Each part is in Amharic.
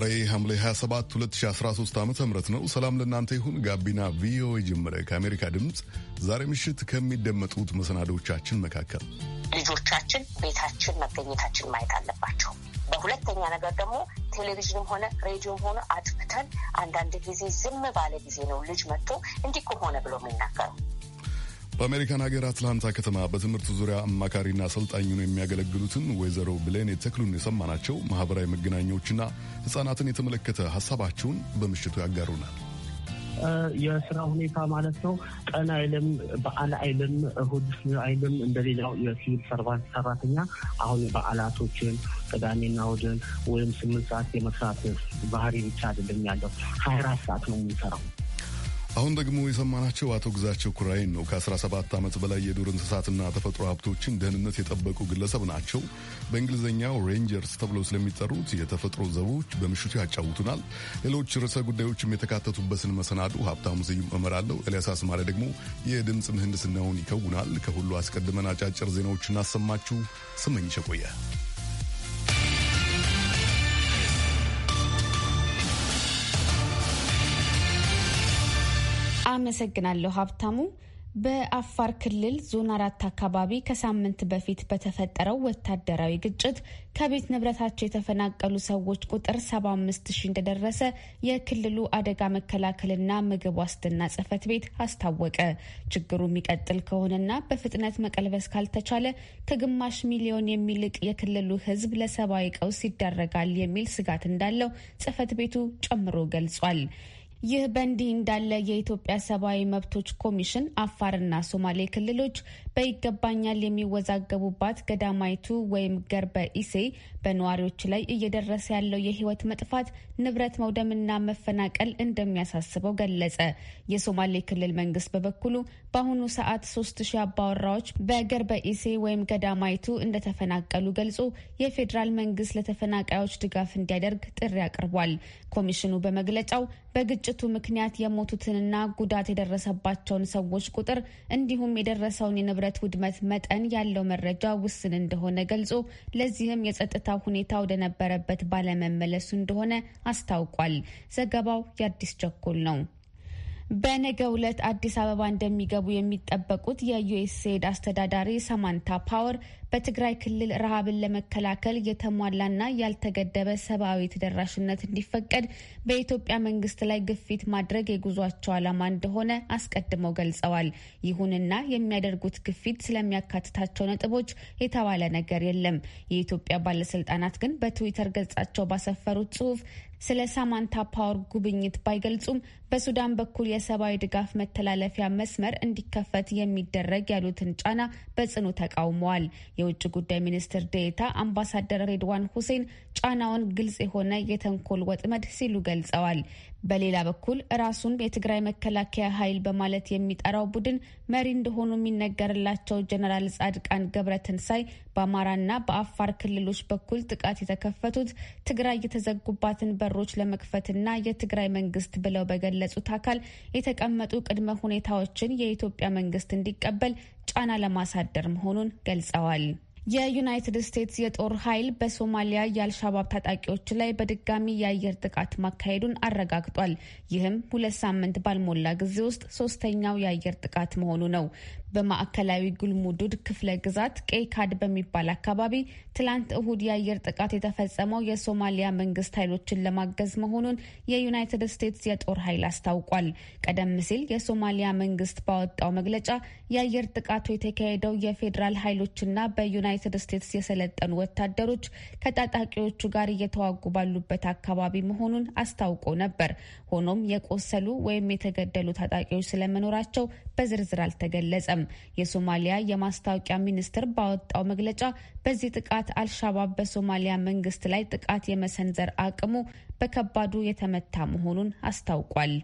ዛሬ ሐምሌ 27 2013 ዓ ም ነው። ሰላም ለእናንተ ይሁን። ጋቢና ቪኦኤ ጀመረ። ከአሜሪካ ድምፅ ዛሬ ምሽት ከሚደመጡት መሰናዶቻችን መካከል ልጆቻችን ቤታችን መገኘታችን ማየት አለባቸው። በሁለተኛ ነገር ደግሞ ቴሌቪዥንም ሆነ ሬዲዮም ሆነ አጥፍተን አንዳንድ ጊዜ ዝም ባለ ጊዜ ነው ልጅ መጥቶ እንዲህ ከሆነ ብሎ የሚናገረው በአሜሪካን ሀገር አትላንታ ከተማ በትምህርት ዙሪያ አማካሪና አሰልጣኝ ነው የሚያገለግሉትን ወይዘሮ ብሌን የተክሉን የሰማናቸው ማህበራዊ መገናኛዎችና ህጻናትን የተመለከተ ሀሳባቸውን በምሽቱ ያጋሩናል። የስራ ሁኔታ ማለት ነው። ቀን አይልም፣ በዓል አይልም፣ እሁድ አይልም። እንደሌላው የሲቪል ሰርቫንት ሰራተኛ አሁን በዓላቶችን ቅዳሜና እሁድን ወይም ስምንት ሰዓት የመስራት ባህሪ ብቻ አይደለም ያለው ሀያ አራት ሰዓት ነው የሚሰራው። አሁን ደግሞ የሰማናቸው አቶ ግዛቸው ኩራይን ነው። ከ17 ዓመት በላይ የዱር እንስሳትና ተፈጥሮ ሀብቶችን ደህንነት የጠበቁ ግለሰብ ናቸው። በእንግሊዝኛው ሬንጀርስ ተብለው ስለሚጠሩት የተፈጥሮ ዘቦች በምሽቱ ያጫውቱናል። ሌሎች ርዕሰ ጉዳዮችም የተካተቱበትን መሰናዱ ሀብታሙ ስዩም እመራለሁ። ኤልያስ አስማሪ ደግሞ የድምፅ ምህንድስናውን ይከውናል። ከሁሉ አስቀድመን አጫጭር ዜናዎች እናሰማችሁ። ስመኝ ሸቆያ አመሰግናለሁ ሀብታሙ። በአፋር ክልል ዞን አራት አካባቢ ከሳምንት በፊት በተፈጠረው ወታደራዊ ግጭት ከቤት ንብረታቸው የተፈናቀሉ ሰዎች ቁጥር 75 ሺህ እንደደረሰ የክልሉ አደጋ መከላከልና ምግብ ዋስትና ጽህፈት ቤት አስታወቀ። ችግሩ የሚቀጥል ከሆነና በፍጥነት መቀልበስ ካልተቻለ ከግማሽ ሚሊዮን የሚልቅ የክልሉ ሕዝብ ለሰብአዊ ቀውስ ይዳረጋል የሚል ስጋት እንዳለው ጽህፈት ቤቱ ጨምሮ ገልጿል። ይህ በእንዲህ እንዳለ የኢትዮጵያ ሰብአዊ መብቶች ኮሚሽን አፋርና ሶማሌ ክልሎች በይገባኛል የሚወዛገቡባት ገዳማይቱ ወይም ገርበ ኢሴ በነዋሪዎች ላይ እየደረሰ ያለው የህይወት መጥፋት፣ ንብረት መውደምና መፈናቀል እንደሚያሳስበው ገለጸ። የሶማሌ ክልል መንግስት በበኩሉ በአሁኑ ሰዓት ሶስት ሺህ አባወራዎች በገርበ ኢሴ ወይም ገዳማይቱ እንደተፈናቀሉ ገልጾ የፌዴራል መንግስት ለተፈናቃዮች ድጋፍ እንዲያደርግ ጥሪ አቅርቧል። ኮሚሽኑ በመግለጫው በግጭ በግጭቱ ምክንያት የሞቱትንና ጉዳት የደረሰባቸውን ሰዎች ቁጥር እንዲሁም የደረሰውን የንብረት ውድመት መጠን ያለው መረጃ ውስን እንደሆነ ገልጾ ለዚህም የጸጥታ ሁኔታ ወደነበረበት ባለመመለሱ እንደሆነ አስታውቋል። ዘገባው የአዲስ ቸኮል ነው። በነገ ዕለት አዲስ አበባ እንደሚገቡ የሚጠበቁት የዩኤስኤድ አስተዳዳሪ ሳማንታ ፓወር በትግራይ ክልል ረሃብን ለመከላከል የተሟላና ያልተገደበ ሰብአዊ ተደራሽነት እንዲፈቀድ በኢትዮጵያ መንግስት ላይ ግፊት ማድረግ የጉዟቸው ዓላማ እንደሆነ አስቀድመው ገልጸዋል። ይሁንና የሚያደርጉት ግፊት ስለሚያካትታቸው ነጥቦች የተባለ ነገር የለም። የኢትዮጵያ ባለስልጣናት ግን በትዊተር ገጻቸው ባሰፈሩት ጽሁፍ ስለ ሳማንታ ፓወር ጉብኝት ባይገልጹም በሱዳን በኩል የሰብአዊ ድጋፍ መተላለፊያ መስመር እንዲከፈት የሚደረግ ያሉትን ጫና በጽኑ ተቃውመዋል። የውጭ ጉዳይ ሚኒስትር ዴኤታ አምባሳደር ሬድዋን ሁሴን ጫናውን ግልጽ የሆነ የተንኮል ወጥመድ ሲሉ ገልጸዋል። በሌላ በኩል ራሱን የትግራይ መከላከያ ኃይል በማለት የሚጠራው ቡድን መሪ እንደሆኑ የሚነገርላቸው ጀነራል ጻድቃን ገብረተንሳይ በአማራና በአፋር ክልሎች በኩል ጥቃት የተከፈቱት ትግራይ የተዘጉባትን በሮች ለመክፈትና የትግራይ መንግስት ብለው በገለጹት አካል የተቀመጡ ቅድመ ሁኔታዎችን የኢትዮጵያ መንግስት እንዲቀበል ጫና ለማሳደር መሆኑን ገልጸዋል። የዩናይትድ ስቴትስ የጦር ኃይል በሶማሊያ የአልሻባብ ታጣቂዎች ላይ በድጋሚ የአየር ጥቃት ማካሄዱን አረጋግጧል። ይህም ሁለት ሳምንት ባልሞላ ጊዜ ውስጥ ሶስተኛው የአየር ጥቃት መሆኑ ነው። በማዕከላዊ ጉልሙዱድ ክፍለ ግዛት ቀይ ካድ በሚባል አካባቢ ትላንት እሁድ የአየር ጥቃት የተፈጸመው የሶማሊያ መንግስት ኃይሎችን ለማገዝ መሆኑን የዩናይትድ ስቴትስ የጦር ኃይል አስታውቋል። ቀደም ሲል የሶማሊያ መንግስት ባወጣው መግለጫ የአየር ጥቃቱ የተካሄደው የፌዴራል ኃይሎችና በዩናይትድ ስቴትስ የሰለጠኑ ወታደሮች ከታጣቂዎቹ ጋር እየተዋጉ ባሉበት አካባቢ መሆኑን አስታውቆ ነበር። ሆኖም የቆሰሉ ወይም የተገደሉ ታጣቂዎች ስለመኖራቸው በዝርዝር አልተገለጸም። አልተገለጸም። የሶማሊያ የማስታወቂያ ሚኒስቴር ባወጣው መግለጫ በዚህ ጥቃት አልሻባብ በሶማሊያ መንግስት ላይ ጥቃት የመሰንዘር አቅሙ በከባዱ የተመታ መሆኑን አስታውቋል።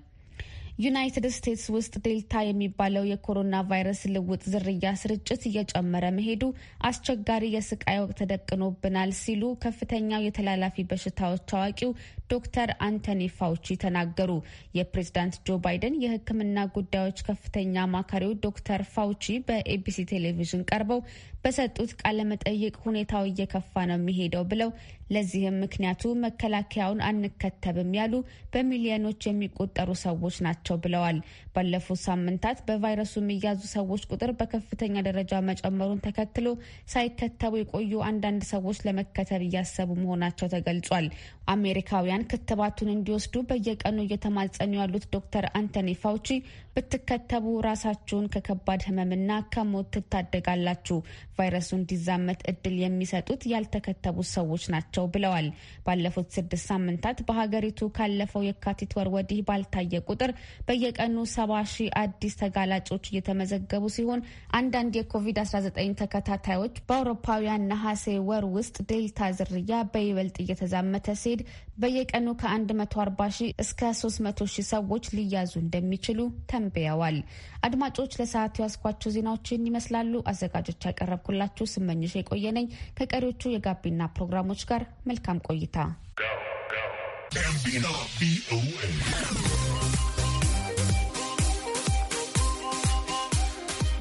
ዩናይትድ ስቴትስ ውስጥ ዴልታ የሚባለው የኮሮና ቫይረስ ልውጥ ዝርያ ስርጭት እየጨመረ መሄዱ አስቸጋሪ የስቃይ ወቅት ተደቅኖብናል ሲሉ ከፍተኛው የተላላፊ በሽታዎች አዋቂው ዶክተር አንቶኒ ፋውቺ ተናገሩ። የፕሬዝዳንት ጆ ባይደን የሕክምና ጉዳዮች ከፍተኛ አማካሪው ዶክተር ፋውቺ በኤቢሲ ቴሌቪዥን ቀርበው በሰጡት ቃለ መጠይቅ ሁኔታው እየከፋ ነው የሚሄደው ብለው ለዚህም ምክንያቱ መከላከያውን አንከተብም ያሉ በሚሊዮኖች የሚቆጠሩ ሰዎች ናቸው ብለዋል። ባለፉት ሳምንታት በቫይረሱ የሚያዙ ሰዎች ቁጥር በከፍተኛ ደረጃ መጨመሩን ተከትሎ ሳይከተቡ የቆዩ አንዳንድ ሰዎች ለመከተብ እያሰቡ መሆናቸው ተገልጿል። አሜሪካውያን ኢትዮጵያውያን ክትባቱን እንዲወስዱ በየቀኑ እየተማጸኑ ያሉት ዶክተር አንቶኒ ፋውቺ ብትከተቡ ራሳችሁን ከከባድ ህመምና ከሞት ትታደጋላችሁ። ቫይረሱ እንዲዛመት እድል የሚሰጡት ያልተከተቡ ሰዎች ናቸው ብለዋል። ባለፉት ስድስት ሳምንታት በሀገሪቱ ካለፈው የካቲት ወር ወዲህ ባልታየ ቁጥር በየቀኑ ሰባ ሺህ አዲስ ተጋላጮች እየተመዘገቡ ሲሆን አንዳንድ የኮቪድ-19 ተከታታዮች በአውሮፓውያን ነሐሴ ወር ውስጥ ዴልታ ዝርያ በይበልጥ እየተዛመተ ሲሄድ በየቀኑ ከ140 ሺህ እስከ 300 ሺህ ሰዎች ሊያዙ እንደሚችሉ ተመ ተንብየዋል። አድማጮች ለሰዓት ያስኳቸው ዜናዎችን ይመስላሉ። አዘጋጆች ያቀረብኩላችሁ ስመኝሽ የቆየ ነኝ። ከቀሪዎቹ የጋቢና ፕሮግራሞች ጋር መልካም ቆይታ።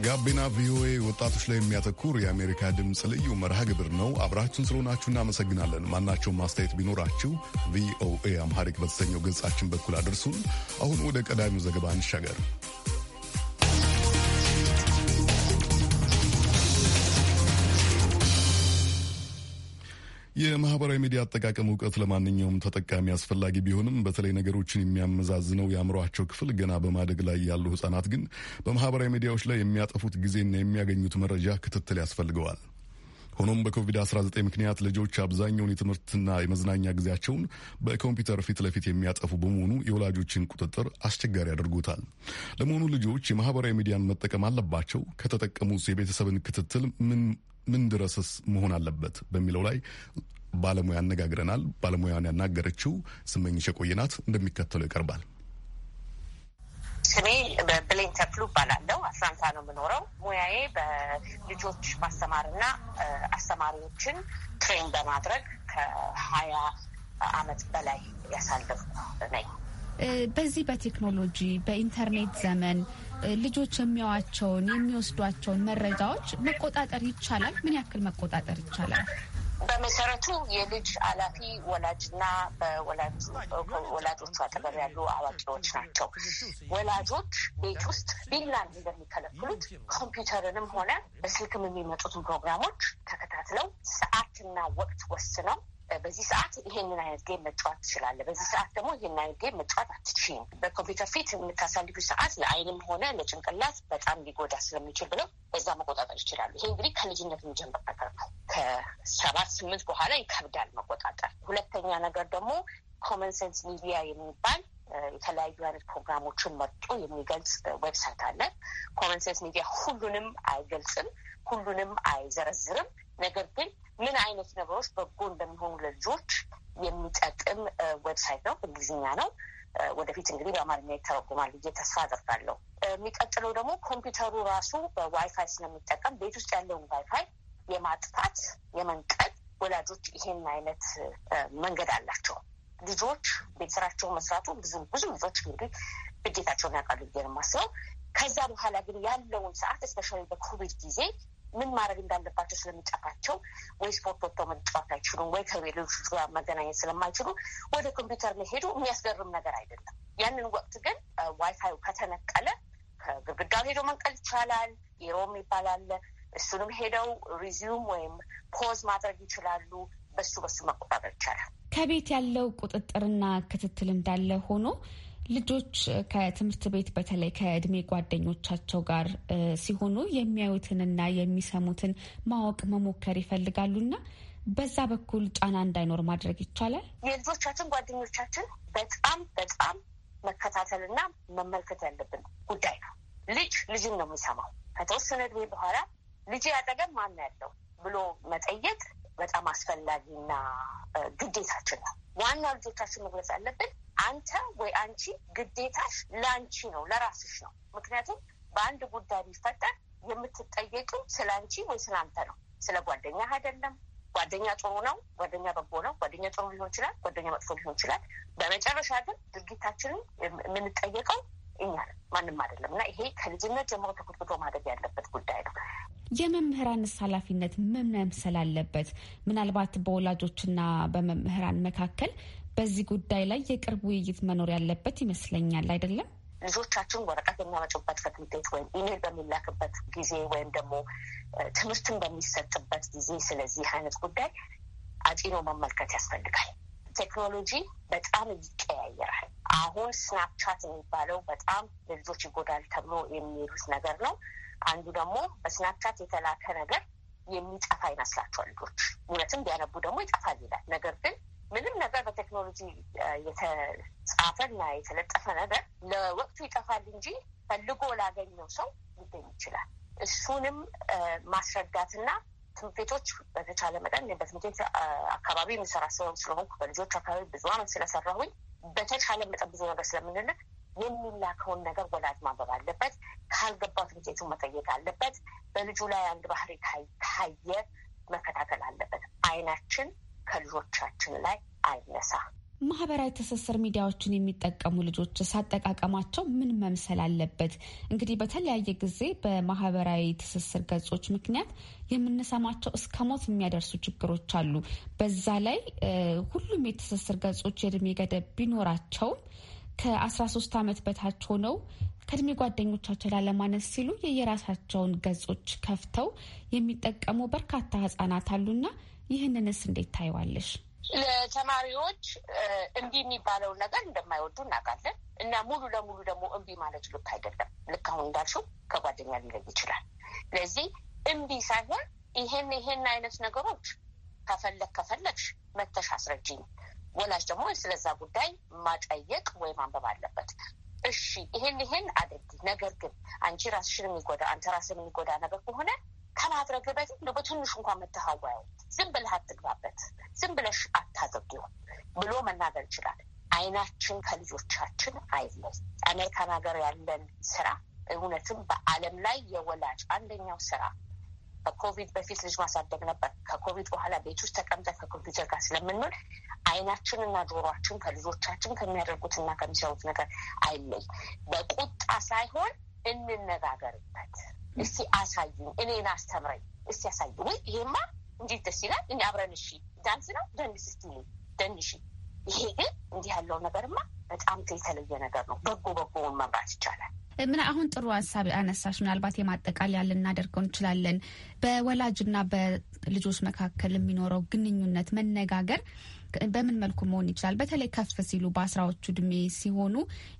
ጋቢና ቪኦኤ ወጣቶች ላይ የሚያተኩር የአሜሪካ ድምፅ ልዩ መርሃ ግብር ነው። አብራችሁን ስለሆናችሁ እናመሰግናለን። ማናቸውም ማስተያየት ቢኖራችሁ ቪኦኤ አምሃሪክ በተሰኘው ገጻችን በኩል አድርሱን። አሁን ወደ ቀዳሚው ዘገባ እንሻገር። የማህበራዊ ሚዲያ አጠቃቀም እውቀት ለማንኛውም ተጠቃሚ አስፈላጊ ቢሆንም በተለይ ነገሮችን የሚያመዛዝነው የአእምሯቸው ክፍል ገና በማደግ ላይ ያሉ ህጻናት ግን በማህበራዊ ሚዲያዎች ላይ የሚያጠፉት ጊዜና የሚያገኙት መረጃ ክትትል ያስፈልገዋል። ሆኖም በኮቪድ-19 ምክንያት ልጆች አብዛኛውን የትምህርትና የመዝናኛ ጊዜያቸውን በኮምፒውተር ፊት ለፊት የሚያጠፉ በመሆኑ የወላጆችን ቁጥጥር አስቸጋሪ አድርጎታል። ለመሆኑ ልጆች የማህበራዊ ሚዲያን መጠቀም አለባቸው? ከተጠቀሙስ የቤተሰብን ክትትል ምን ምን ድረስስ መሆን አለበት በሚለው ላይ ባለሙያ አነጋግረናል። ባለሙያን ያናገረችው ስመኝሽ ቆይናት እንደሚከተለው ይቀርባል። ስሜ በብሌን ተክሉ እባላለሁ። አትላንታ ነው የምኖረው። ሙያዬ በልጆች ማስተማርና አስተማሪዎችን ትሬን በማድረግ ከሀያ አመት በላይ ያሳለፍኩ ነኝ። በዚህ በቴክኖሎጂ በኢንተርኔት ዘመን ልጆች የሚያዋቸውን የሚወስዷቸውን መረጃዎች መቆጣጠር ይቻላል? ምን ያክል መቆጣጠር ይቻላል? በመሰረቱ የልጅ አላፊ ወላጅና በወላጆቹ አጠገብ ያሉ አዋቂዎች ናቸው። ወላጆች ቤት ውስጥ ቢላን እንደሚከለክሉት ኮምፒውተርንም ሆነ በስልክም የሚመጡትን ፕሮግራሞች ተከታትለው ሰዓትና ወቅት ወስነው በዚህ ሰዓት ይሄንን አይነት ጌም መጫወት ትችላለ፣ በዚህ ሰዓት ደግሞ ይህን አይነት ጌም መጫወት አትችም። በኮምፒውተር ፊት የምታሳልፊ ሰዓት ለአይንም ሆነ ለጭንቅላት በጣም ሊጎዳ ስለሚችል ብለው በዛ መቆጣጠር ይችላሉ። ይሄ እንግዲህ ከልጅነት የሚጀምር ነገር ነው። ከሰባት ስምንት በኋላ ይከብዳል መቆጣጠር። ሁለተኛ ነገር ደግሞ ኮመን ሴንስ ሚዲያ የሚባል የተለያዩ አይነት ፕሮግራሞችን መርጦ የሚገልጽ ዌብሳይት አለ። ኮመን ሴንስ ሚዲያ ሁሉንም አይገልጽም፣ ሁሉንም አይዘረዝርም ነገር ግን ምን አይነት ነገሮች በጎ እንደሚሆኑ ለልጆች የሚጠቅም ዌብሳይት ነው። እንግሊዝኛ ነው። ወደፊት እንግዲህ በአማርኛ ይተረጉማል ብዬ ተስፋ አደርጋለሁ። የሚቀጥለው ደግሞ ኮምፒውተሩ ራሱ በዋይፋይ ስለሚጠቀም ቤት ውስጥ ያለውን ዋይፋይ የማጥፋት የመንቀል ወላጆች ይሄን አይነት መንገድ አላቸው። ልጆች ቤት ስራቸውን መስራቱ ብዙ ብዙ ልጆች እንግዲህ ግዴታቸውን ያውቃሉ ብዬ ነው የማስበው። ከዛ በኋላ ግን ያለውን ሰዓት እስፔሻሊ በኮቪድ ጊዜ ምን ማድረግ እንዳለባቸው ስለሚጠፋቸው ወይ ስፖርት ወጥተው መጫወት አይችሉም፣ ወይ ከሌሎች ጋር መገናኘት ስለማይችሉ ወደ ኮምፒውተር መሄዱ የሚያስገርም ነገር አይደለም። ያንን ወቅት ግን ዋይፋዩ ከተነቀለ ከግድግዳው ሄዶ መንቀል ይቻላል። የሮም ይባላል። እሱንም ሄደው ሪዚዩም ወይም ፖዝ ማድረግ ይችላሉ። በሱ በሱ መቆጣጠር ይቻላል። ከቤት ያለው ቁጥጥርና ክትትል እንዳለ ሆኖ ልጆች ከትምህርት ቤት በተለይ ከእድሜ ጓደኞቻቸው ጋር ሲሆኑ የሚያዩትንና የሚሰሙትን ማወቅ መሞከር ይፈልጋሉና በዛ በኩል ጫና እንዳይኖር ማድረግ ይቻላል። የልጆቻችን ጓደኞቻችን በጣም በጣም መከታተልና መመልከት ያለብን ጉዳይ ነው። ልጅ ልጅን ነው የሚሰማው። ከተወሰነ እድሜ በኋላ ልጅ ያጠገብ ማን ያለው ብሎ መጠየቅ በጣም አስፈላጊና ግዴታችን ነው። ዋናው ልጆቻችን መግለጽ ያለብን አንተ ወይ አንቺ ግዴታሽ ለአንቺ ነው፣ ለራስሽ ነው። ምክንያቱም በአንድ ጉዳይ ቢፈጠር የምትጠየቂው ስለ አንቺ ወይ ስለ አንተ ነው፣ ስለ ጓደኛ አይደለም። ጓደኛ ጥሩ ነው፣ ጓደኛ በጎ ነው፣ ጓደኛ ጥሩ ሊሆን ይችላል፣ ጓደኛ መጥፎ ሊሆን ይችላል። በመጨረሻ ግን ድርጊታችንን የምንጠየቀው እኛን ማንም አይደለም እና ይሄ ከልጅነት ጀምሮ ተኮትኩቶ ማደግ ያለበት ጉዳይ ነው። የመምህራንስ ኃላፊነት ምን መምሰል አለበት? ምናልባት በወላጆችና በመምህራን መካከል በዚህ ጉዳይ ላይ የቅርብ ውይይት መኖር ያለበት ይመስለኛል። አይደለም ልጆቻችን ወረቀት የሚያመጩበት ከትምህርት ቤት ወይም ኢሜል በሚላክበት ጊዜ ወይም ደግሞ ትምህርትን በሚሰጥበት ጊዜ ስለዚህ አይነት ጉዳይ አጢኖ መመልከት ያስፈልጋል። ቴክኖሎጂ በጣም ይቀያየራል። አሁን ስናፕቻት የሚባለው በጣም ለልጆች ይጎዳል ተብሎ የሚሄዱት ነገር ነው። አንዱ ደግሞ በስናፕቻት የተላከ ነገር የሚጠፋ ይመስላቸዋል ልጆች። እውነትም ቢያነቡ ደግሞ ይጠፋል ይላል። ነገር ግን ምንም ነገር በቴክኖሎጂ የተጻፈና የተለጠፈ ነገር ለወቅቱ ይጠፋል እንጂ ፈልጎ ላገኘው ሰው ሊገኝ ይችላል። እሱንም ማስረዳትና ትምህርት ቤቶች በተቻለ መጠን በትምህርት ቤት አካባቢ የሚሰራ ሰው ስለሆንኩ በልጆች አካባቢ ብዙ አመት ስለሰራሁኝ በተቻለ መጠን ብዙ ነገር ስለምንል የሚላከውን ነገር ወላጅ ማንበብ አለበት። ካልገባው ትምህርት ቤቱን መጠየቅ አለበት። በልጁ ላይ አንድ ባህሪ ካየ መከታተል አለበት። አይናችን ከልጆቻችን ላይ አይነሳ። ማህበራዊ ትስስር ሚዲያዎችን የሚጠቀሙ ልጆች ሳጠቃቀማቸው ምን መምሰል አለበት? እንግዲህ በተለያየ ጊዜ በማህበራዊ ትስስር ገጾች ምክንያት የምንሰማቸው እስከ ሞት የሚያደርሱ ችግሮች አሉ። በዛ ላይ ሁሉም የትስስር ገጾች የእድሜ ገደብ ቢኖራቸውም ከ13 ዓመት በታች ሆነው ከእድሜ ጓደኞቻቸው ላለማነስ ሲሉ የየራሳቸውን ገጾች ከፍተው የሚጠቀሙ በርካታ ህጻናት አሉና ይህንንስ እንዴት ታይዋለሽ? ለተማሪዎች እምቢ የሚባለውን ነገር እንደማይወዱ እናውቃለን እና ሙሉ ለሙሉ ደግሞ እምቢ ማለት ልክ አይደለም። ልክ አሁን እንዳልሽው ከጓደኛ ሊለይ ይችላል። ስለዚህ እምቢ ሳይሆን ይሄን ይሄን አይነት ነገሮች ከፈለግ ከፈለግሽ መተሽ አስረጅኝ። ወላጅ ደግሞ ስለዛ ጉዳይ ማጠየቅ ወይ ማንበብ አለበት። እሺ ይሄን ይሄን አድርጊ፣ ነገር ግን አንቺ ራስሽን የሚጎዳ አንተ ራስን የሚጎዳ ነገር ከሆነ ከማድረግ በፊት ነው በትንሹ እንኳን የምትሀዋየው ዝም ብለህ አትግባበት፣ ዝም ብለሽ አታዘጊው ብሎ መናገር ይችላል። አይናችን ከልጆቻችን አይለይ። አሜሪካን ሀገር ያለን ስራ እውነትም በዓለም ላይ የወላጅ አንደኛው ስራ ከኮቪድ በፊት ልጅ ማሳደግ ነበር። ከኮቪድ በኋላ ቤት ውስጥ ተቀምጠን ከኮምፒውተር ጋር ስለምንውል አይናችንና ጆሮችን ከልጆቻችን ከሚያደርጉትና ከሚሰሩት ነገር አይለይ። በቁጣ ሳይሆን እንነጋገርበት። እስቲ አሳዩኝ፣ እኔን አስተምረኝ፣ እስቲ አሳዩ። ወይ ይሄማ እንዴት ደስ ይላል! እኔ አብረን እሺ፣ ዳንስ ነው ደንስ፣ እስቲ ደንሺ። ይሄ ግን እንዲህ ያለው ነገርማ በጣም የተለየ ነገር ነው። በጎ በጎውን መምራት ይቻላል። ምን አሁን ጥሩ ሀሳብ አነሳሽ። ምናልባት የማጠቃለያ ልናደርገው እንችላለን። በወላጅና በልጆች መካከል የሚኖረው ግንኙነት መነጋገር በምን መልኩ መሆን ይችላል? በተለይ ከፍ ሲሉ በአስራዎቹ እድሜ ሲሆኑ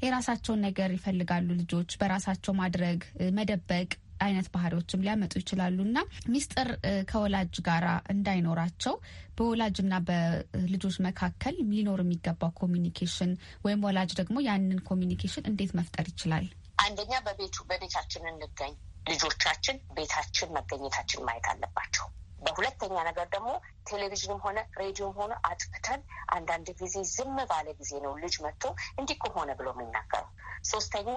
የራሳቸውን ነገር ይፈልጋሉ ልጆች በራሳቸው ማድረግ መደበቅ አይነት ባህሪዎችም ሊያመጡ ይችላሉ እና ሚስጥር ከወላጅ ጋር እንዳይኖራቸው በወላጅና በልጆች መካከል ሊኖር የሚገባው ኮሚኒኬሽን ወይም ወላጅ ደግሞ ያንን ኮሚኒኬሽን እንዴት መፍጠር ይችላል? አንደኛ በቤቱ በቤታችን እንገኝ። ልጆቻችን ቤታችን መገኘታችን ማየት አለባቸው። በሁለተኛ ነገር ደግሞ ቴሌቪዥንም ሆነ ሬዲዮም ሆነ አጥፍተን አንዳንድ ጊዜ ዝም ባለ ጊዜ ነው ልጅ መጥቶ እንዲህ እኮ ሆነ ብሎ የሚናገረው። ሶስተኛ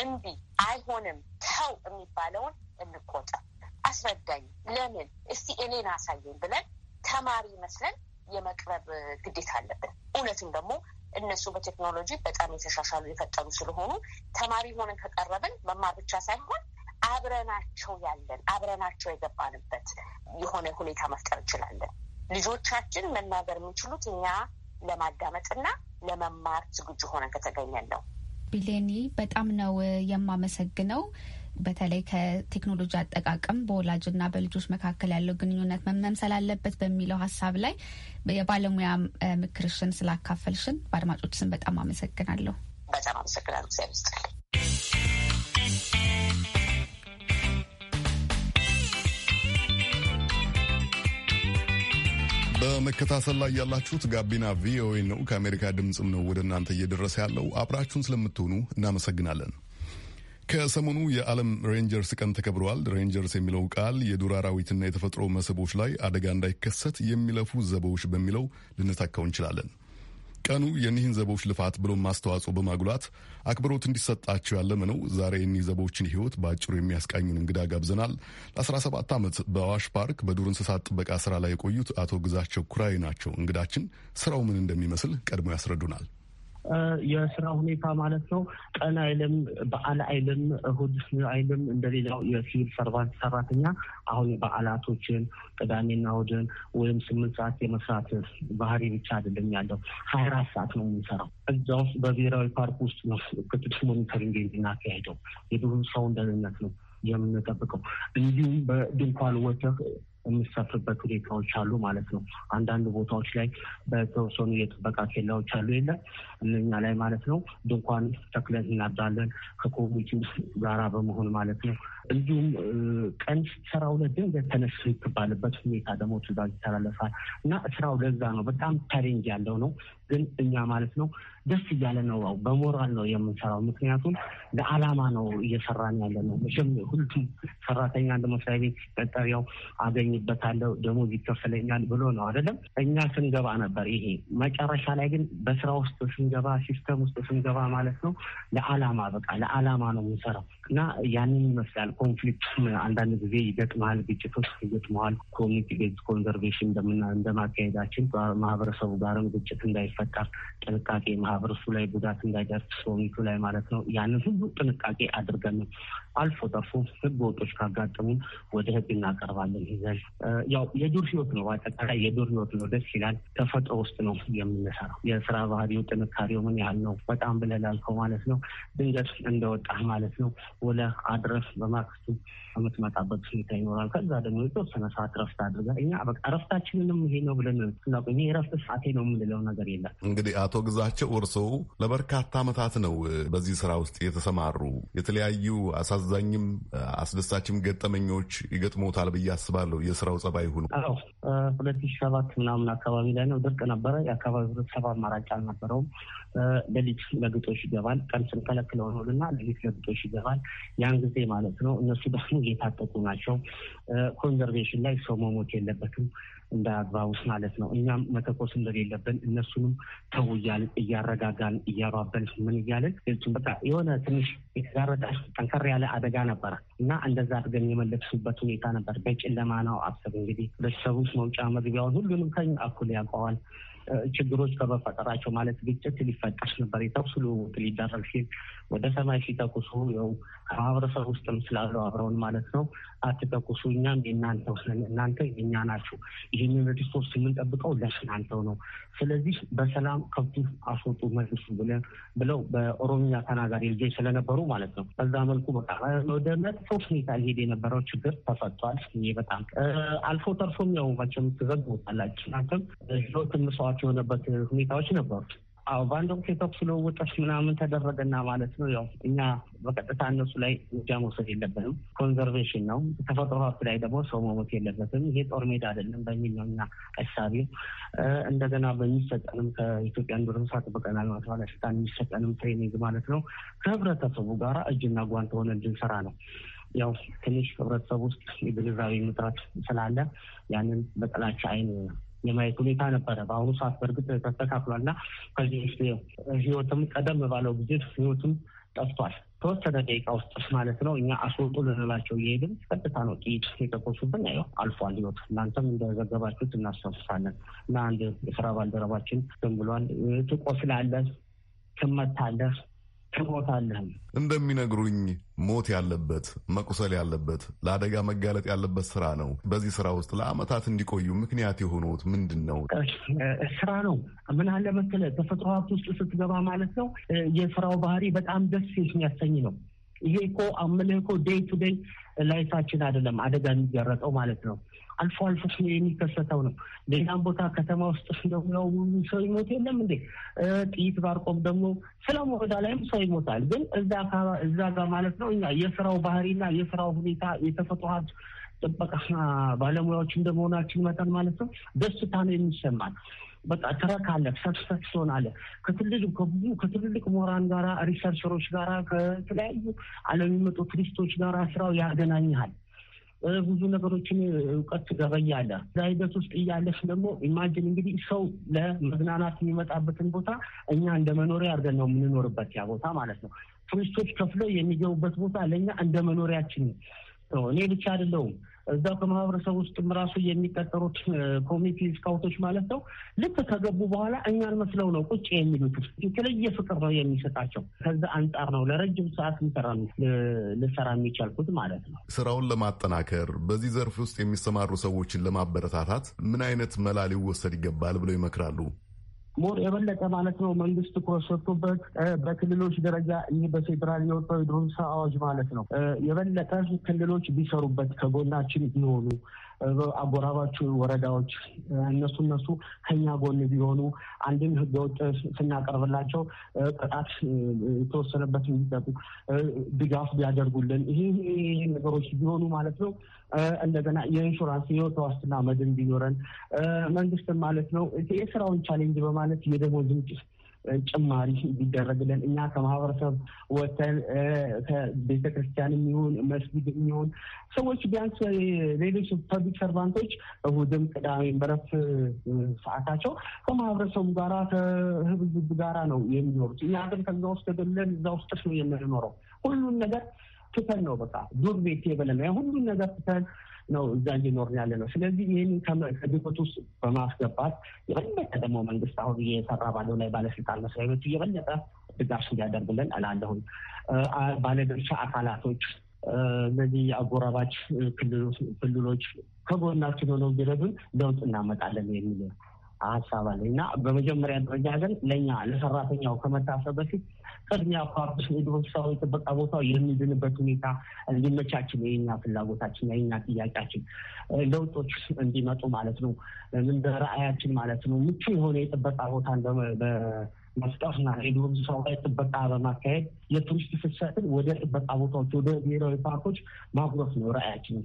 እምቢ፣ አይሆንም፣ ተው የሚባለውን እንቆጠር አስረዳኝ፣ ለምን እስቲ እኔን አሳየኝ ብለን ተማሪ መስለን የመቅረብ ግዴታ አለብን። እውነትም ደግሞ እነሱ በቴክኖሎጂ በጣም የተሻሻሉ የፈጠሩ ስለሆኑ ተማሪ ሆነን ከቀረብን መማር ብቻ ሳይሆን አብረናቸው ያለን አብረናቸው የገባንበት የሆነ ሁኔታ መፍጠር እንችላለን። ልጆቻችን መናገር የሚችሉት እኛ ለማዳመጥና ለመማር ዝግጁ ሆነን ከተገኘን ነው። ቢሌኒ በጣም ነው የማመሰግነው። በተለይ ከቴክኖሎጂ አጠቃቀም በወላጅና በልጆች መካከል ያለው ግንኙነት መመምሰል አለበት በሚለው ሀሳብ ላይ የባለሙያ ምክርሽን ስላካፈልሽን በአድማጮች ስም በጣም አመሰግናለሁ። በጣም አመሰግናለሁ። በመከታተል ላይ ያላችሁት ጋቢና ቪኦኤ ነው። ከአሜሪካ ድምፅም ነው ወደ እናንተ እየደረሰ ያለው። አብራችሁን ስለምትሆኑ እናመሰግናለን። ከሰሞኑ የዓለም ሬንጀርስ ቀን ተከብረዋል። ሬንጀርስ የሚለው ቃል የዱር አራዊትና የተፈጥሮ መስህቦች ላይ አደጋ እንዳይከሰት የሚለፉ ዘቦዎች በሚለው ልንተካው እንችላለን። ቀኑ የኒህን ዘቦች ልፋት ብሎም ማስተዋጽኦ በማጉላት አክብሮት እንዲሰጣቸው ያለመ ነው። ዛሬ የኒህ ዘቦችን ህይወት በአጭሩ የሚያስቃኙን እንግዳ ጋብዘናል። ለ17 ዓመት በአዋሽ ፓርክ በዱር እንስሳት ጥበቃ ስራ ላይ የቆዩት አቶ ግዛቸው ኩራይ ናቸው እንግዳችን። ስራው ምን እንደሚመስል ቀድሞ ያስረዱናል። የስራ ሁኔታ ማለት ነው። ቀን አይልም፣ በዓል አይልም፣ እሁድ አይልም። እንደሌላው የሲቪል ሰርቫንት ሰራተኛ አሁን በዓላቶችን ቅዳሜና እሁድን ወይም ስምንት ሰዓት የመስራት ባህሪ ብቻ አይደለም ያለው ሀያ አራት ሰዓት ነው የምንሰራው። እዛ ውስጥ በብሔራዊ ፓርክ ውስጥ ነው ክትትል ሞኒተሪንግ የምናካሄደው። የዱር ሰውን ደህንነት ነው የምንጠብቀው። እንዲሁም በድንኳን ወተህ የሚሰፍርበት ሁኔታዎች አሉ ማለት ነው። አንዳንድ ቦታዎች ላይ በተወሰኑ የጥበቃ ኬላዎች አሉ የለ እነኛ ላይ ማለት ነው ድንኳን ተክለን እናዳለን ከኮሚኒቲ ጋራ በመሆን ማለት ነው እንዲሁም ቀን ስራው ላይ ተነሱ ይባልበት ሁኔታ ደግሞ ትዕዛዝ ይተላለፋል እና ስራው ለዛ ነው በጣም ቻሌንጅ ያለው ነው። ግን እኛ ማለት ነው ደስ እያለ ነው በሞራል ነው የምንሰራው። ምክንያቱም ለአላማ ነው እየሰራን ያለ ነው። መቼም ሁሉም ሰራተኛ እንደ መስሪያ ቤት ሲቀጠር ያው አገኝበታለሁ ደሞዝ ይከፈለኛል ብሎ ነው አይደለም። እኛ ስንገባ ነበር ይሄ መጨረሻ ላይ ግን በስራ ውስጥ ስንገባ ሲስተም ውስጥ ስንገባ ማለት ነው ለአላማ በቃ ለአላማ ነው የምንሰራው እና ያንን ይመስላል ኮንፍሊክት አንዳንድ ጊዜ ይገጥማል፣ ግጭቶች ይገጥመዋል። ኮሚኒቲ ቤዝ ኮንዘርቬሽን እንደማካሄዳችን ማህበረሰቡ ጋርም ግጭት እንዳይፈጠር ጥንቃቄ ማህበረሰቡ ላይ ጉዳት እንዳይደርስ ኮሚኒቲ ላይ ማለት ነው። ያንን ሁሉ ጥንቃቄ አድርገን ነው አልፎ ተርፎ ህግ ወጦች ካጋጠሙ ወደ ህግ እናቀርባለን። ይዘን ያው የዱር ህይወት ነው፣ በአጠቃላይ የዱር ህይወት ነው። ደስ ይላል። ተፈጥሮ ውስጥ ነው የምንሰራው። የስራ ባህሪው ጥንካሬው ምን ያህል ነው? በጣም ብለላልከው ማለት ነው ድንገት እንደወጣህ ማለት ነው ወለ አድረስ በማ አክስቱ የምትመጣበት ሁኔታ ይኖራል። ከዛ ደግሞ የተወሰነ ሰዓት እረፍት አድርጋ እኛ በቃ ረፍታችንንም ይሄ ነው ብለን ስናቆ ይሄ ረፍት ሰዓቴ ነው የምንለው ነገር የለም። እንግዲህ አቶ ግዛቸው እርስዎ ለበርካታ ዓመታት ነው በዚህ ስራ ውስጥ የተሰማሩ። የተለያዩ አሳዛኝም አስደሳችም ገጠመኞች ይገጥሞታል ብዬ አስባለሁ። የስራው ጸባይ ሁኑ ሁለት ሺ ሰባት ምናምን አካባቢ ላይ ነው ድርቅ ነበረ። የአካባቢ ህብረተሰብ አማራጭ አልነበረውም። ሌሊት ለግጦሽ ይገባል። ቀን ስንከለክለው ነውና ሌሊት ለግጦሽ ይገባል። ያን ጊዜ ማለት ነው ነው። እነሱ ደግሞ እየታጠቁ ናቸው። ኮንዘርቬሽን ላይ ሰው መሞት የለበትም እንደ አግባቡስ ማለት ነው። እኛም መተኮስ እንደሌለብን እነሱንም ተው እያልን እያረጋጋን እያሯበን ምን እያልን በቃ የሆነ ትንሽ የተጋረጠ ጠንከር ያለ አደጋ ነበረ እና እንደዛ አድርገን የመለሱበት ሁኔታ ነበር። በጨለማ ነው አሰብ እንግዲህ ቤተሰቡስ መውጫ መግቢያውን ሁሉንም ከኝ አኩል ያውቀዋል። ችግሮች ከመፈጠራቸው ማለት ግጭት ሊፈጠር ነበር፣ የተኩስ ልውውጥ ሊደረግ ሲል ወደ ሰማይ ሲተኩሱ ያው ከማህበረሰብ ውስጥም ስላለው አብረውን ማለት ነው አትጠቁሱ፣ እኛም የእናንተው እናንተ የእኛ ናችሁ። ይህን ሪሶርስ የምንጠብቀው ለእናንተው ነው። ስለዚህ በሰላም ከብቱ አስወጡ መልሱ ብለ ብለው በኦሮሚያ ተናጋሪ ልጆች ስለነበሩ ማለት ነው። በዛ መልኩ በቃ ወደ መጥፎ ሁኔታ ሊሄድ የነበረው ችግር ተፈቷል። ይህ በጣም አልፎ ተርፎም ያው መቼም ትዘግቦታላችሁ። እናንተም ህይወት የምሰዋቸው የሆነበት ሁኔታዎች ነበሩ። አዎ በአንድ ወቅት የተኩስ ልውውጦች ምናምን ተደረገና ማለት ነው። ያው እኛ በቀጥታ እነሱ ላይ እርምጃ መውሰድ የለብንም። ኮንዘርቬሽን ነው። ተፈጥሮ ሀብት ላይ ደግሞ ሰው መሞት የለበትም። ይሄ ጦር ሜዳ አይደለም በሚል ነው እኛ አሳቢ እንደገና በሚሰጠንም ከኢትዮጵያ ዱር እንስሳት ጥበቃና ልማት ባለስልጣን የሚሰጠንም ትሬኒንግ ማለት ነው ከህብረተሰቡ ጋራ እጅና ጓንት ሆነ እንድንሰራ ነው። ያው ትንሽ ህብረተሰብ ውስጥ የግንዛቤ ምጥረት ስላለ ያንን በጥላቻ አይን የማየት ሁኔታ ነበረ። በአሁኑ ሰዓት በእርግጥ ተስተካክሏል እና ከዚህ ህይወትም ቀደም ባለው ጊዜ ህይወትም ጠፍቷል። ተወሰነ ደቂቃ ውስጥ ማለት ነው። እኛ አስወጡ ልንላቸው እየሄድን ቀጥታ ነው ጥይት የተኮሱብን። ያው አልፏል ህይወት። እናንተም እንደዘገባችሁት እናስታውሳለን እና አንድ የስራ ባልደረባችን ዝም ብሏል። ትቆስላለህ፣ ትመታለህ ትሞታለህ። እንደሚነግሩኝ ሞት ያለበት መቁሰል ያለበት ለአደጋ መጋለጥ ያለበት ስራ ነው። በዚህ ስራ ውስጥ ለአመታት እንዲቆዩ ምክንያት የሆኑት ምንድን ነው? ስራ ነው። ምን አለ መሰለህ ተፈጥሮ ሀብት ውስጥ ስትገባ ማለት ነው የስራው ባህሪ በጣም ደስ የሚያሰኝ ነው። ይሄ እኮ አምልህ እኮ ዴይ ቱ ዴይ ላይፋችን አይደለም አደጋ የሚገረጠው ማለት ነው አልፎ አልፎ የሚከሰተው ነው። ሌላም ቦታ ከተማ ውስጥ ስለሚያው ሰው ይሞት የለም እንዴ? ጥይት ባርቆም ደግሞ ስለ ወረዳ ላይም ሰው ይሞታል። ግን እዛ እዛ ጋር ማለት ነው እኛ የስራው ባህሪና የስራው ሁኔታ የተፈጥሮ ሀብት ጥበቃ ባለሙያዎች እንደመሆናችን መጠን ማለት ነው ደስታ ነው የሚሰማል። በቃ ትረክ አለ ሲሆን አለ። ከትልልቅ ከብዙ ከትልልቅ ሞራን ጋራ ሪሰርቸሮች ጋራ ከተለያዩ ዓለም የሚመጡ ቱሪስቶች ጋራ ስራው ያገናኝሃል። ብዙ ነገሮችን እውቀት ትገበያለህ። እዛ ሂደት ውስጥ እያለሽ ደግሞ ኢማጅን እንግዲህ ሰው ለመዝናናት የሚመጣበትን ቦታ እኛ እንደ መኖሪያ አድርገን ነው የምንኖርበት ያ ቦታ ማለት ነው። ቱሪስቶች ከፍለው የሚገቡበት ቦታ ለእኛ እንደ መኖሪያችን ነው። እኔ ብቻ አይደለውም እዛ በማህበረሰብ ውስጥም ራሱ የሚቀጠሩት ኮሚቲ ስካውቶች ማለት ነው። ልክ ከገቡ በኋላ እኛን መስለው ነው ቁጭ የሚሉት። የተለየ ፍቅር ነው የሚሰጣቸው። ከዛ አንጻር ነው ለረጅም ሰዓት ልሰራ የሚቻልኩት ማለት ነው። ስራውን ለማጠናከር በዚህ ዘርፍ ውስጥ የሚሰማሩ ሰዎችን ለማበረታታት ምን አይነት መላ ሊወሰድ ይገባል ብለው ይመክራሉ? ሞር የበለጠ ማለት ነው መንግስት ትኩረት ሰጥቶበት በክልሎች ደረጃ ይህ በፌዴራል የወጣው የዱር እንስሳ አዋጅ ማለት ነው የበለጠ ክልሎች ቢሰሩበት ከጎናችን ቢሆኑ አጎራባች ወረዳዎች እነሱ እነሱ ከኛ ጎን ቢሆኑ አንድም ህገወጥ ስናቀርብላቸው ቅጣት የተወሰነበት እንዲጠጡ ድጋፍ ቢያደርጉልን ይህ ነገሮች ቢሆኑ ማለት ነው። እንደገና የኢንሹራንስ የህይወት ዋስትና መድን ቢኖረን መንግስትን ማለት ነው የስራውን ቻሌንጅ በማለት የደሞዝ ጭማሪ ቢደረግልን እኛ ከማህበረሰብ ወተን ከቤተክርስቲያን የሚሆን መስጊድ የሚሆን ሰዎች ቢያንስ ሌሎች ፐብሊክ ሰርቫንቶች እሁድም ቅዳሜም በረፍት ሰዓታቸው ከማህበረሰቡ ጋራ ከህብዝብ ጋራ ነው የሚኖሩት። እኛ ግን ከዛ ውስጥ ደለን እዛ ውስጥ ነው የምንኖረው ሁሉም ነገር ትተን ነው በቃ ዱር ቤት የበለ ሁሉን ነገር ትተን ነው እዛ እየኖርን ያለ ነው። ስለዚህ ይህን ከግምት ውስጥ በማስገባት የበለጠ ደግሞ መንግስት አሁን እየሰራ ባለው ላይ ባለስልጣን መስሪያ ቤቱ እየበለጠ ድጋፍ እንዲያደርግልን እላለሁኝ። ባለድርሻ አካላቶች እነዚህ የአጎራባች ክልሎች ከጎናችን ሆነው ቢረዱን ለውጥ እናመጣለን የሚል ሀሳብ አለኝ እና በመጀመሪያ ደረጃ ግን ለእኛ ለሰራተኛው ከመታሰብ በፊት ቅድሚያ ፓርስ ሰው የጥበቃ ቦታው የሚድንበት ሁኔታ እንዲመቻችን የኛ ፍላጎታችን የኛ ጥያቄያችን ለውጦች እንዲመጡ ማለት ነው። እንደ ራዕያችን ማለት ነው ምቹ የሆነ የጥበቃ ቦታን መፍጠርና የዱር እንስሳው ላይ ጥበቃ በማካሄድ የቱሪስት ፍሰትን ወደ ጥበቃ ቦታዎች ወደ ብሔራዊ ፓርኮች ማጉረፍ ነው ራዕያችን።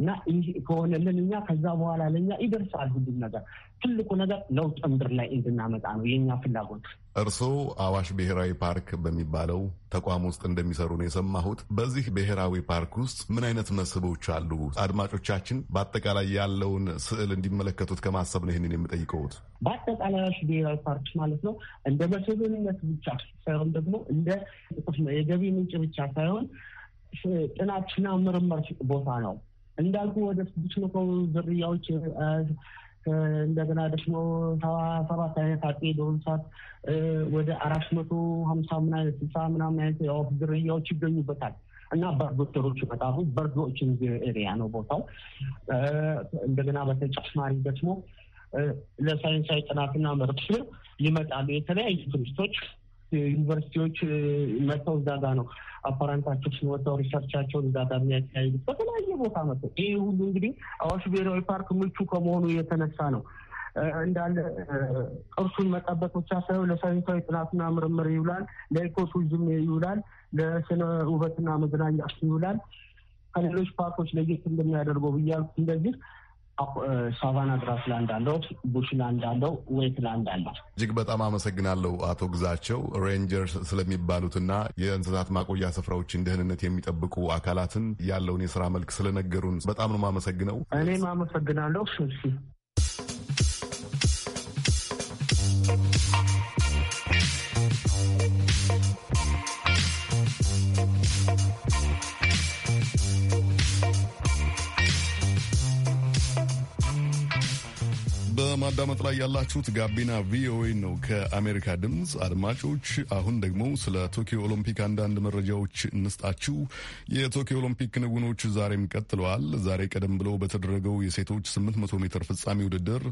እና ይህ ከሆነልን እኛ ከዛ በኋላ ለኛ ይደርሳል ሁሉም ነገር። ትልቁ ነገር ለውጥ ምድር ላይ እንድናመጣ ነው የኛ ፍላጎት። እርስዎ አዋሽ ብሔራዊ ፓርክ በሚባለው ተቋም ውስጥ እንደሚሰሩ ነው የሰማሁት። በዚህ ብሔራዊ ፓርክ ውስጥ ምን አይነት መስህቦች አሉ? አድማጮቻችን በአጠቃላይ ያለውን ስዕል እንዲመለከቱት ከማሰብ ነው ይህንን የምጠይቀውት። በአጠቃላይ አዋሽ ብሔራዊ ፓርክ ማለት ነው እንደ መስህብነት ብቻ ሳይሆን ደግሞ እንደ የገቢ ምንጭ ብቻ ሳይሆን ጥናትና ምርምር ቦታ ነው። እንዳልኩ ወደ ስድስት መቶ ዝርያዎች እንደገና ደግሞ ሰባ ሰባት አይነት አጤ በአሁኑ ሰዓት ወደ አራት መቶ ሀምሳ ምን አይነት ስልሳ ምናምን አይነት የወፍ ዝርያዎች ይገኙበታል። እና በርዶክተሮች ይመጣሉ። በርዶችን ኤሪያ ነው ቦታው። እንደገና በተጨማሪ ደግሞ ለሳይንሳዊ ጥናትና ምርምር ይመጣሉ የተለያዩ ቱሪስቶች ዩኒቨርሲቲዎች መጥተው እዛ ጋ ነው አፓራንታቸው ሲወጣው ሪሰርቻቸውን እዛ ጋ የሚያካሂዱት በተለያየ ቦታ መጥተው ይህ ሁሉ እንግዲህ አዋሽ ብሔራዊ ፓርክ ምቹ ከመሆኑ የተነሳ ነው። እንዳለ ቅርሱን መጠበቅ ብቻ ሳይሆን ለሳይንሳዊ ጥናትና ምርምር ይውላል፣ ለኢኮቱሪዝም ይውላል፣ ለስነ ውበትና መዝናኛ ይውላል። ከሌሎች ፓርኮች ለየት እንደሚያደርገው ብያል እንደዚህ ሳቫና ግራስላንድ አለው፣ ቡሽላንድ አለው፣ ዌትላንድ አለው። እጅግ በጣም አመሰግናለሁ አቶ ግዛቸው ሬንጀርስ ስለሚባሉትና የእንስሳት ማቆያ ስፍራዎችን ደህንነት የሚጠብቁ አካላትን ያለውን የስራ መልክ ስለነገሩን በጣም ነው ማመሰግነው። እኔም አመሰግናለሁ። በማዳመጥ ላይ ያላችሁት ጋቢና ቪኦኤ ነው ከአሜሪካ ድምፅ። አድማጮች አሁን ደግሞ ስለ ቶኪዮ ኦሎምፒክ አንዳንድ መረጃዎች እንስጣችሁ። የቶኪዮ ኦሎምፒክ ክንውኖች ዛሬም ቀጥለዋል። ዛሬ ቀደም ብሎ በተደረገው የሴቶች 800 ሜትር ፍጻሜ ውድድር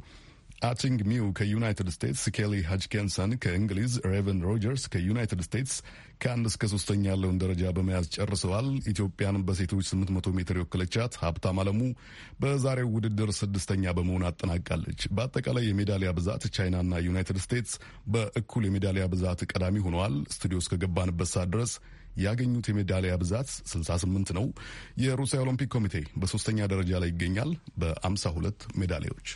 አቲንግ ሚው ከዩናይትድ ስቴትስ፣ ኬሊ ሃጅኪንሰን ከእንግሊዝ፣ ሬቨን ሮጀርስ ከዩናይትድ ስቴትስ ከአንድ እስከ ሶስተኛ ያለውን ደረጃ በመያዝ ጨርሰዋል። ኢትዮጵያን በሴቶች 800 ሜትር ወክለቻት ሀብታም አለሙ በዛሬው ውድድር ስድስተኛ በመሆን አጠናቃለች። በአጠቃላይ የሜዳሊያ ብዛት ቻይናና ዩናይትድ ስቴትስ በእኩል የሜዳሊያ ብዛት ቀዳሚ ሆነዋል። ስቱዲዮ እስከገባንበት ሰዓት ድረስ ያገኙት የሜዳሊያ ብዛት 68 ነው። የሩሲያ ኦሎምፒክ ኮሚቴ በሶስተኛ ደረጃ ላይ ይገኛል በ52 ሜዳሊያዎች።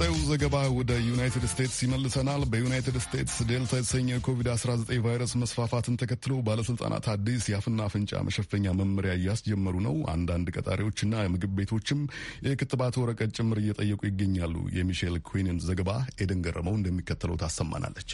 ቀጣዩ ዘገባ ወደ ዩናይትድ ስቴትስ ይመልሰናል። በዩናይትድ ስቴትስ ዴልታ የተሰኘ የኮቪድ-19 ቫይረስ መስፋፋትን ተከትሎ ባለስልጣናት አዲስ የአፍና አፍንጫ መሸፈኛ መመሪያ እያስጀመሩ ነው። አንዳንድ ቀጣሪዎችና ምግብ ቤቶችም የክትባት ወረቀት ጭምር እየጠየቁ ይገኛሉ። የሚሼል ኩዊንን ዘገባ ኤደን ገረመው እንደሚከተለው ታሰማናለች።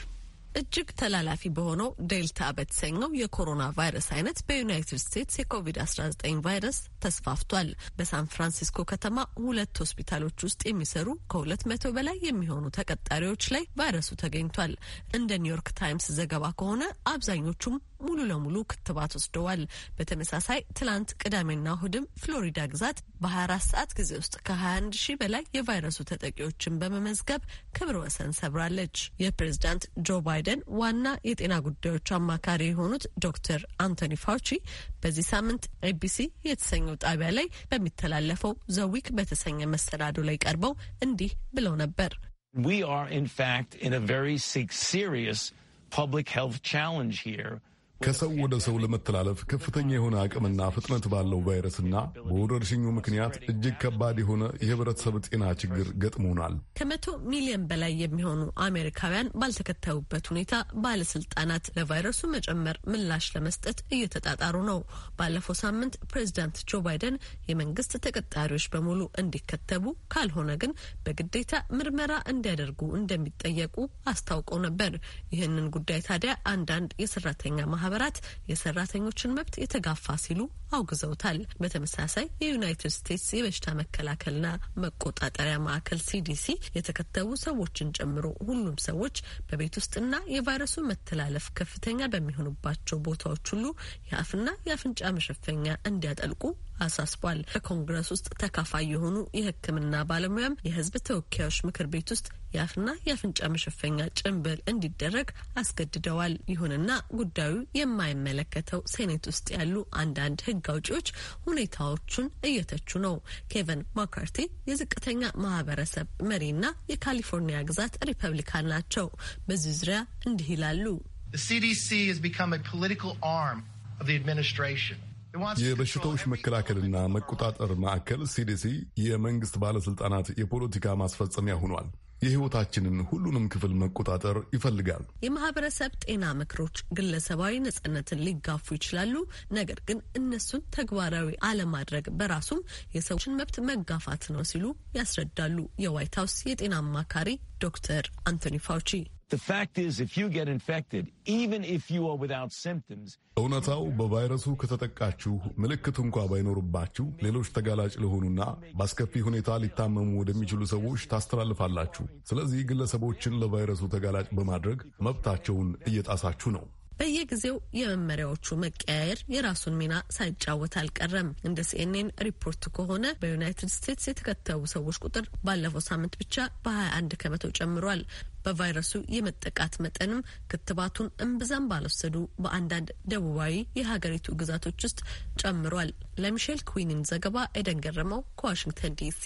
እጅግ ተላላፊ በሆነው ዴልታ በተሰኘው የኮሮና ቫይረስ አይነት በዩናይትድ ስቴትስ የኮቪድ-19 ቫይረስ ተስፋፍቷል። በሳን ፍራንሲስኮ ከተማ ሁለት ሆስፒታሎች ውስጥ የሚሰሩ ከሁለት መቶ በላይ የሚሆኑ ተቀጣሪዎች ላይ ቫይረሱ ተገኝቷል። እንደ ኒውዮርክ ታይምስ ዘገባ ከሆነ አብዛኞቹም ሙሉ ለሙሉ ክትባት ወስደዋል። በተመሳሳይ ትናንት ቅዳሜና እሁድም ፍሎሪዳ ግዛት በ24 ሰዓት ጊዜ ውስጥ ከ21 ሺህ በላይ የቫይረሱ ተጠቂዎችን በመመዝገብ ክብረ ወሰን ሰብራለች። የፕሬዚዳንት ጆ ባይደን ዋና የጤና ጉዳዮች አማካሪ የሆኑት ዶክተር አንቶኒ ፋውቺ በዚህ ሳምንት ኤቢሲ የተሰኘው ጣቢያ ላይ በሚተላለፈው ዘዊክ በተሰኘ መሰናዶ ላይ ቀርበው እንዲህ ብለው ነበር። We are in fact in a very serious public health challenge here. ከሰው ወደ ሰው ለመተላለፍ ከፍተኛ የሆነ አቅምና ፍጥነት ባለው ቫይረስና በወረርሽኙ ምክንያት እጅግ ከባድ የሆነ የህብረተሰብ ጤና ችግር ገጥሞናል። ከመቶ ሚሊዮን በላይ የሚሆኑ አሜሪካውያን ባልተከተቡበት ሁኔታ ባለስልጣናት ለቫይረሱ መጨመር ምላሽ ለመስጠት እየተጣጣሩ ነው። ባለፈው ሳምንት ፕሬዚዳንት ጆ ባይደን የመንግስት ተቀጣሪዎች በሙሉ እንዲከተቡ ካልሆነ ግን በግዴታ ምርመራ እንዲያደርጉ እንደሚጠየቁ አስታውቀው ነበር። ይህንን ጉዳይ ታዲያ አንዳንድ የሰራተኛ ማህበር ማህበራት የሰራተኞችን መብት የተጋፋ ሲሉ አውግዘውታል። በተመሳሳይ የዩናይትድ ስቴትስ የበሽታ መከላከልና መቆጣጠሪያ ማዕከል ሲዲሲ የተከተቡ ሰዎችን ጨምሮ ሁሉም ሰዎች በቤት ውስጥና የቫይረሱ መተላለፍ ከፍተኛ በሚሆኑባቸው ቦታዎች ሁሉ የአፍና የአፍንጫ መሸፈኛ እንዲያጠልቁ አሳስቧል። በኮንግረስ ውስጥ ተካፋይ የሆኑ የሕክምና ባለሙያም የሕዝብ ተወካዮች ምክር ቤት ውስጥ የአፍና የአፍንጫ መሸፈኛ ጭንብል እንዲደረግ አስገድደዋል። ይሁንና ጉዳዩ የማይመለከተው ሴኔት ውስጥ ያሉ አንዳንድ ሕግ ሕግ አውጪዎች ሁኔታዎቹን እየተቹ ነው። ኬቨን ማካርቲ የዝቅተኛ ማህበረሰብ መሪና የካሊፎርኒያ ግዛት ሪፐብሊካን ናቸው። በዚህ ዙሪያ እንዲህ ይላሉ። የበሽታዎች መከላከልና መቆጣጠር ማዕከል ሲዲሲ የመንግስት ባለስልጣናት የፖለቲካ ማስፈጸሚያ ሆኗል። የህይወታችንን ሁሉንም ክፍል መቆጣጠር ይፈልጋል። የማህበረሰብ ጤና ምክሮች ግለሰባዊ ነጻነትን ሊጋፉ ይችላሉ። ነገር ግን እነሱን ተግባራዊ አለማድረግ በራሱም የሰዎችን መብት መጋፋት ነው ሲሉ ያስረዳሉ የዋይት ሀውስ የጤና አማካሪ ዶክተር አንቶኒ ፋውቺ እውነታው በቫይረሱ ከተጠቃችሁ ምልክት እንኳ ባይኖርባችሁ ሌሎች ተጋላጭ ለሆኑና በአስከፊ ሁኔታ ሊታመሙ ወደሚችሉ ሰዎች ታስተላልፋላችሁ። ስለዚህ ግለሰቦችን ለቫይረሱ ተጋላጭ በማድረግ መብታቸውን እየጣሳችሁ ነው። በየጊዜው የመመሪያዎቹ መቀያየር የራሱን ሚና ሳይጫወት አልቀረም። እንደ ሲኤንኤን ሪፖርት ከሆነ በዩናይትድ ስቴትስ የተከተቡ ሰዎች ቁጥር ባለፈው ሳምንት ብቻ በ21 ከመቶ ጨምሯል። በቫይረሱ የመጠቃት መጠንም ክትባቱን እምብዛም ባልወሰዱ በአንዳንድ ደቡባዊ የሀገሪቱ ግዛቶች ውስጥ ጨምሯል። ለሚሼል ኩዊንን ዘገባ ኤደን ገረመው ከዋሽንግተን ዲሲ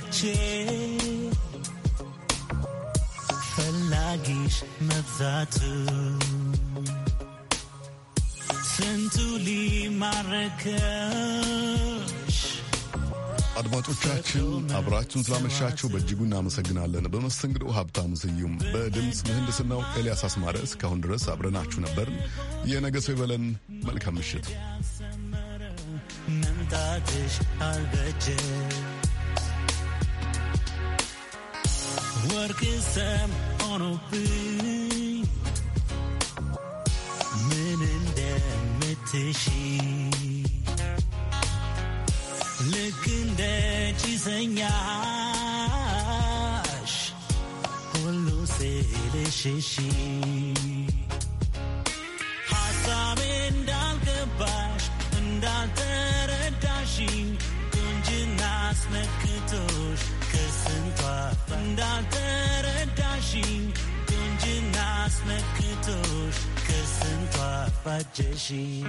ገብቼ ፈላጊሽ መብዛት ስንቱ ሊማረከሽ። አድማጮቻችን አብራችሁን ስላመሻችሁ በእጅጉ እናመሰግናለን። በመስተንግዶ ሀብታሙ ስዩም፣ በድምፅ ምህንድስናው ኤልያስ አስማረ። እስካሁን ድረስ አብረናችሁ ነበርን። የነገ ሰው ይበለን። መልካም ምሽት። መምጣትሽ herkesem onu bin Menenden meteşi Lekinde çizen yaş Hulu seleşeşi wa jeshi